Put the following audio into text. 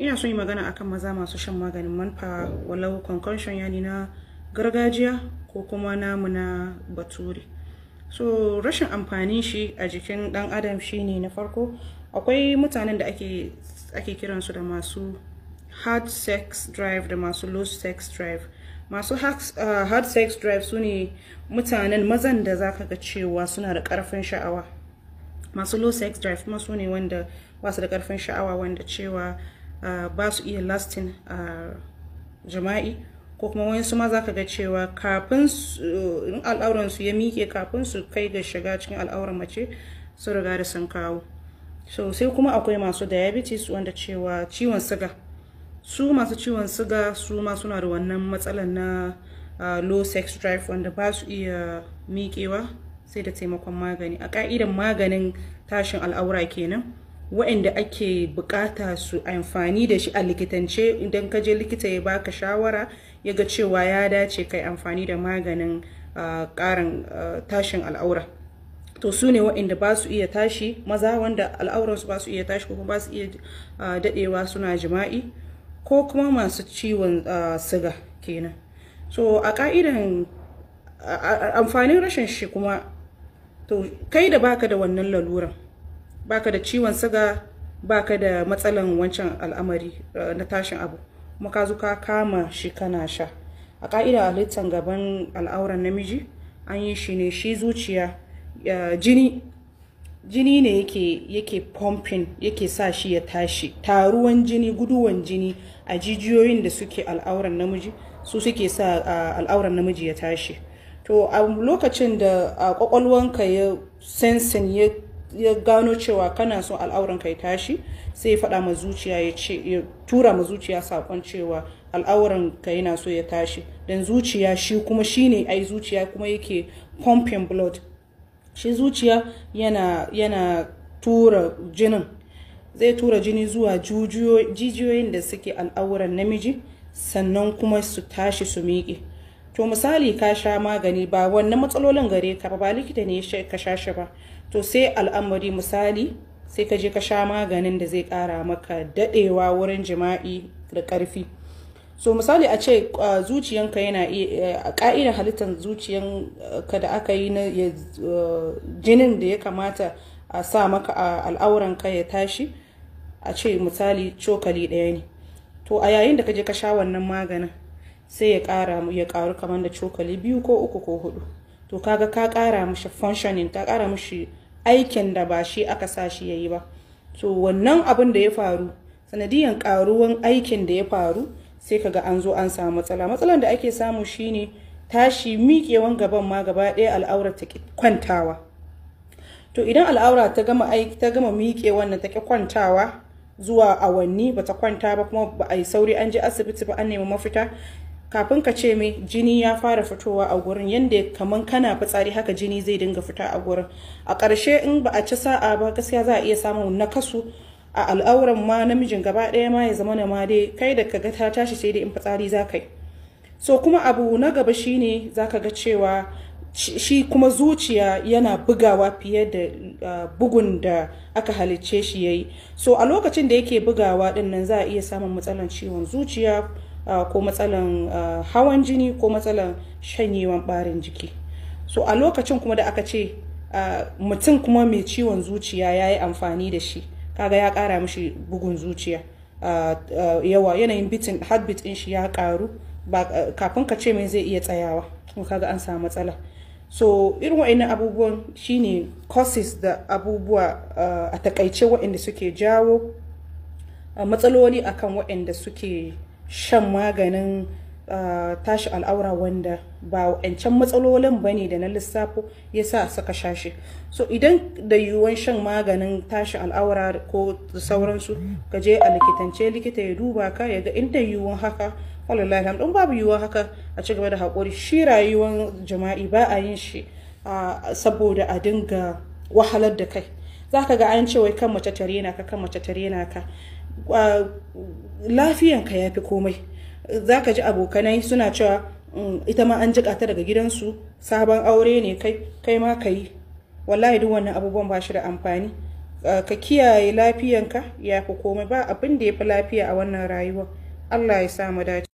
ina son yi magana akan maza masu shan maganin manfa walau concussion yani na gargajiya ko kuma namu na bature so rashin amfani shi a jikin dan adam shine na farko akwai mutanen da ake ake kiransu da masu hard sex drive da masu low sex drive masu hard ah, sex drive su ne mutanen mazan da za ka ga cewa suna da karfin sha'awa masu low sex drive kuma su ne wanda ba da karfin sha'awa wanda cewa ba su iya lastin a jima'i ko kuma wayansu ma zaka ga cewa kafin al'auran su ya miƙe kafin su kai ga shiga cikin al'auran mace su riga da sun kawo so sai kuma akwai masu diabetes wanda cewa ciwon suga su masu ciwon suga su ma suna da wannan matsalar na low sex drive wanda ba su iya miƙewa sai da taimakon magani a ka'idan maganin tashin al'aura kenan waɗanda ake bukata su amfani da shi a likitance idan ka je likita ya baka shawara ya ga cewa ya dace kai amfani da maganin ƙarin tashin al'aura to su ne waɗanda ba su iya tashi maza wanda su ba su iya tashi kuma ba su iya daɗewa suna jima'i ko kuma masu ciwon siga kenan so a ƙa'idan amfanin rashin shi kuma to kai da baka da wannan laluran baka da ciwon siga baka da matsalan wancan al'amari eh, na tashin abu kuma ka zo ka kama shi kana sha a ka'ida halittar gaban al'auran namiji an yi shi ne shi zuciya jini jini ne yake yake pumping yake sa shi ya tashi taruwan jini guduwan jini a jijiyoyin da suke al'auran namiji su suke sa al'auran namiji ya tashi to a lokacin da kwakwalwanka ya sensin ya ya gano cewa kana so al'auran ka ya tashi sai ya faɗa ma zuciya ya ce ya tura ma zuciya saƙon cewa al'auran ka yana so ya tashi dan zuciya shi kuma shine ai zuciya kuma yake pumping blood shi zuciya yana yana tura jinin zai tura jini zuwa jijiyoyin da suke al'auran namiji sannan kuma su tashi su miƙe to misali ka sha magani ba wannan matsalolin gare ka ba likita ne ka sha shi ba to sai al'amari misali sai ka je ka sha maganin da zai kara maka dadewa wurin jima'i da karfi so misali a ce zuciyanka yana iya ka'idar halittar zuciyanka da aka yi na jinin da ya kamata a sa maka a al'auranka ya tashi a ce misali cokali ɗaya ne to a yayin da ka je ka sha wannan maganin sai ya kara mu ya ƙaru kamar da cokali biyu ko uku ko hudu to kaga ka kara mushi functioning ka ƙara mushi aikin da ba shi aka sa shi yayi ba to wannan abin da ya faru sanadiyan karuwan aikin da ya faru sai kaga an zo an samu matsala matsalan da ake samu shine tashi miƙewan gaban ma gaba ɗaya al'aura ta kwantawa to idan al'aura ta gama aiki ta gama miƙe wannan ta ke kwantawa zuwa awanni ba ta kwanta ba kuma ba a yi sauri an je asibiti ba an nemi mafita kafin ka ce mai jini ya fara fitowa a gurin yadda kaman kana fitsari haka jini zai dinga fita a gurin a ƙarshe in ba a ci sa'a ba gaskiya za a iya samun nakasu a al'auran ma namijin gaba ɗaya ma ya zama ma dai kai da kaga ta tashi sai dai in fitsari za ka yi so kuma abu na gaba shine za ka ga cewa shi kuma zuciya yana bugawa fiye da bugun da aka halicce shi ya yi so a lokacin da yake bugawa ɗinnan nan za a iya samun matsalan ciwon zuciya ko matsalan hawan jini ko matsalan shanyewan ɓarin jiki so a lokacin kuma da aka ce mutum kuma mai ciwon zuciya ya yi amfani da shi kaga ya kara mishi bugun zuciya yawa yanayin bitin heartbeat in shi ya ƙaru kafin ka ce mai zai iya tsayawa kaga an samu matsala so irin wa'annan abubuwan shine causes da abubuwa a takaice wa'anda suke jawo matsaloli akan wa'anda suke shan maganin tashi al'aura wanda ba wa'ancan matsalolin ba ne da na lissafo ya sa suka shashi so idan da yiwuwan shan maganin tashi al'aura ko sauransu ka je a likitance likita ya duba ka ya ga inda yiwuwan haka wallahi don babu yiwuwan haka a cigaba da haƙuri shi rayuwan jama'i ba a yin shi saboda a dinga wahalar da kai za ka ga an ce wai kan mace tare na ka kan mace tare na ka lafiyanka ya fi komai za ka ji abokanai suna cewa mm, ita ma an jiƙa ta daga gidansu sabon aure ne kai ma ka yi wallahi duk wannan abubuwan ba shi da amfani ka kiyaye lafiyanka ya fi komai ba abin da ya fi lafiya a wannan rayuwa Allah ya samu dace